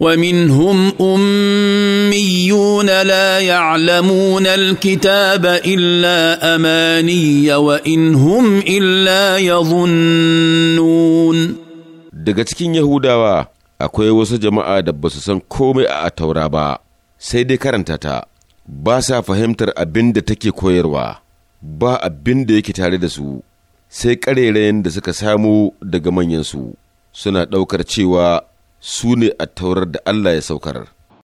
ومنهم اميون لا يعلمون الكتاب الا اماني وان هم الا يظنون daga cikin yahudawa akwai wasu jama'a da ba su san komai a taura ba sai dai karanta ta ba sa fahimtar abin da take koyarwa ba abin da yake tare da su sai ƙarerayen da suka samu daga manyansu suna ɗaukar cewa su ne a taurar da Allah ya saukar.